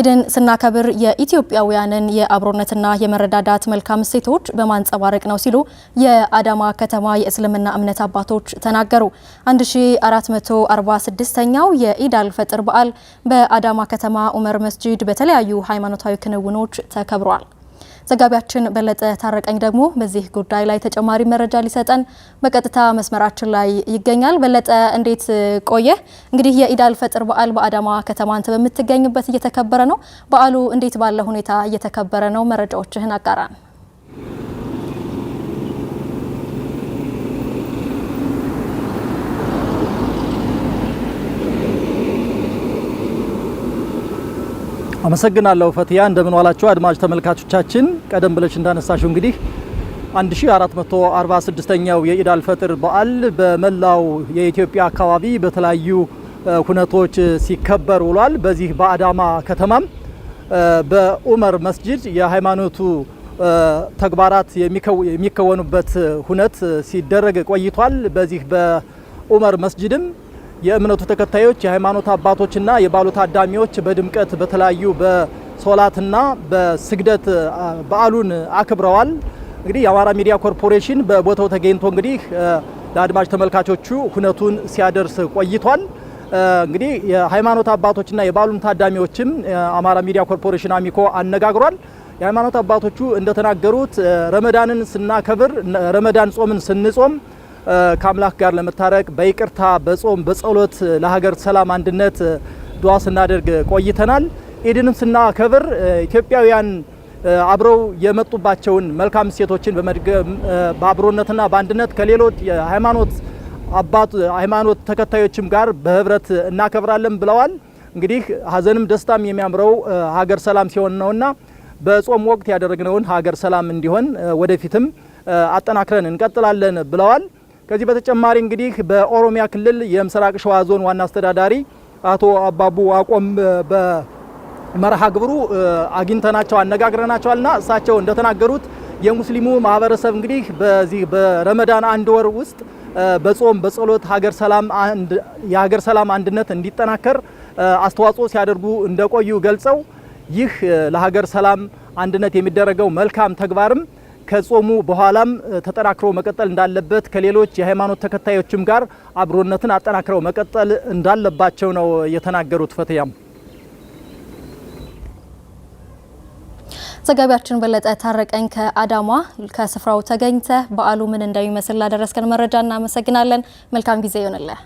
ኢድን ስናከብር የኢትዮጵያውያንን የአብሮነትና የመረዳዳት መልካም እሴቶች በማንጸባረቅ ነው ሲሉ የአዳማ ከተማ የእስልምና እምነት አባቶች ተናገሩ። 1446ኛው የኢድ አልፈጥር በዓል በአዳማ ከተማ ኡመር መስጂድ በተለያዩ ሃይማኖታዊ ክንውኖች ተከብሯል። ዘጋቢያችን በለጠ ታረቀኝ ደግሞ በዚህ ጉዳይ ላይ ተጨማሪ መረጃ ሊሰጠን በቀጥታ መስመራችን ላይ ይገኛል። በለጠ እንዴት ቆየ እንግዲህ የኢዳል ፈጥር በዓል በአዳማ ከተማ አንተ በምትገኝበት እየተከበረ ነው። በዓሉ እንዴት ባለ ሁኔታ እየተከበረ ነው? መረጃዎችህን አጋራን። አመሰግናለሁ ፈትያ። እንደምን ዋላችሁ አድማጭ ተመልካቾቻችን። ቀደም ብለሽ እንዳነሳሽው እንግዲህ 1446ኛው የኢዳል ፈጥር በዓል በመላው የኢትዮጵያ አካባቢ በተለያዩ ሁነቶች ሲከበር ውሏል። በዚህ በአዳማ ከተማም በኡመር መስጂድ የሃይማኖቱ ተግባራት የሚከወኑበት ሁነት ሲደረግ ቆይቷል። በዚህ በኡመር መስጂድም የእምነቱ ተከታዮች የሃይማኖት አባቶችና የባሉ ታዳሚዎች በድምቀት በተለያዩ በሶላትና በስግደት በዓሉን አክብረዋል። እንግዲህ የአማራ ሚዲያ ኮርፖሬሽን በቦታው ተገኝቶ እንግዲህ ለአድማጭ ተመልካቾቹ ሁነቱን ሲያደርስ ቆይቷል። እንግዲህ የሃይማኖት አባቶችና የባሉን ታዳሚዎችም አማራ ሚዲያ ኮርፖሬሽን አሚኮ አነጋግሯል። የሃይማኖት አባቶቹ እንደተናገሩት ረመዳንን ስናከብር፣ ረመዳን ጾምን ስንጾም ከአምላክ ጋር ለመታረቅ በይቅርታ በጾም በጸሎት ለሀገር ሰላም አንድነት ዱዓ ስናደርግ ቆይተናል። ኢድንም ስናከብር ኢትዮጵያውያን አብረው የመጡባቸውን መልካም እሴቶችን በአብሮነትና በአንድነት ከሌሎች የሃይማኖት አባት ሃይማኖት ተከታዮችም ጋር በህብረት እናከብራለን ብለዋል። እንግዲህ ሀዘንም ደስታም የሚያምረው ሀገር ሰላም ሲሆን ነውና በጾም ወቅት ያደረግነውን ሀገር ሰላም እንዲሆን ወደፊትም አጠናክረን እንቀጥላለን ብለዋል። ከዚህ በተጨማሪ እንግዲህ በኦሮሚያ ክልል የምስራቅ ሸዋ ዞን ዋና አስተዳዳሪ አቶ አባቡ አቆም በመርሃ ግብሩ አግኝተናቸው አነጋግረናቸዋልና እሳቸው እንደተናገሩት የሙስሊሙ ማህበረሰብ እንግዲህ በዚህ በረመዳን አንድ ወር ውስጥ በጾም በጸሎት ሀገር ሰላም የሀገር ሰላም አንድነት እንዲጠናከር አስተዋጽኦ ሲያደርጉ እንደቆዩ ገልጸው ይህ ለሀገር ሰላም አንድነት የሚደረገው መልካም ተግባርም ከጾሙ በኋላም ተጠናክሮ መቀጠል እንዳለበት ከሌሎች የሃይማኖት ተከታዮችም ጋር አብሮነትን አጠናክረው መቀጠል እንዳለባቸው ነው የተናገሩት። ፈትያም ዘጋቢያችን በለጠ ታረቀኝ ከአዳማ ከስፍራው ተገኝተ በዓሉ ምን እንደሚመስል ላደረስከን መረጃ እናመሰግናለን። መልካም ጊዜ ይሆንልህ።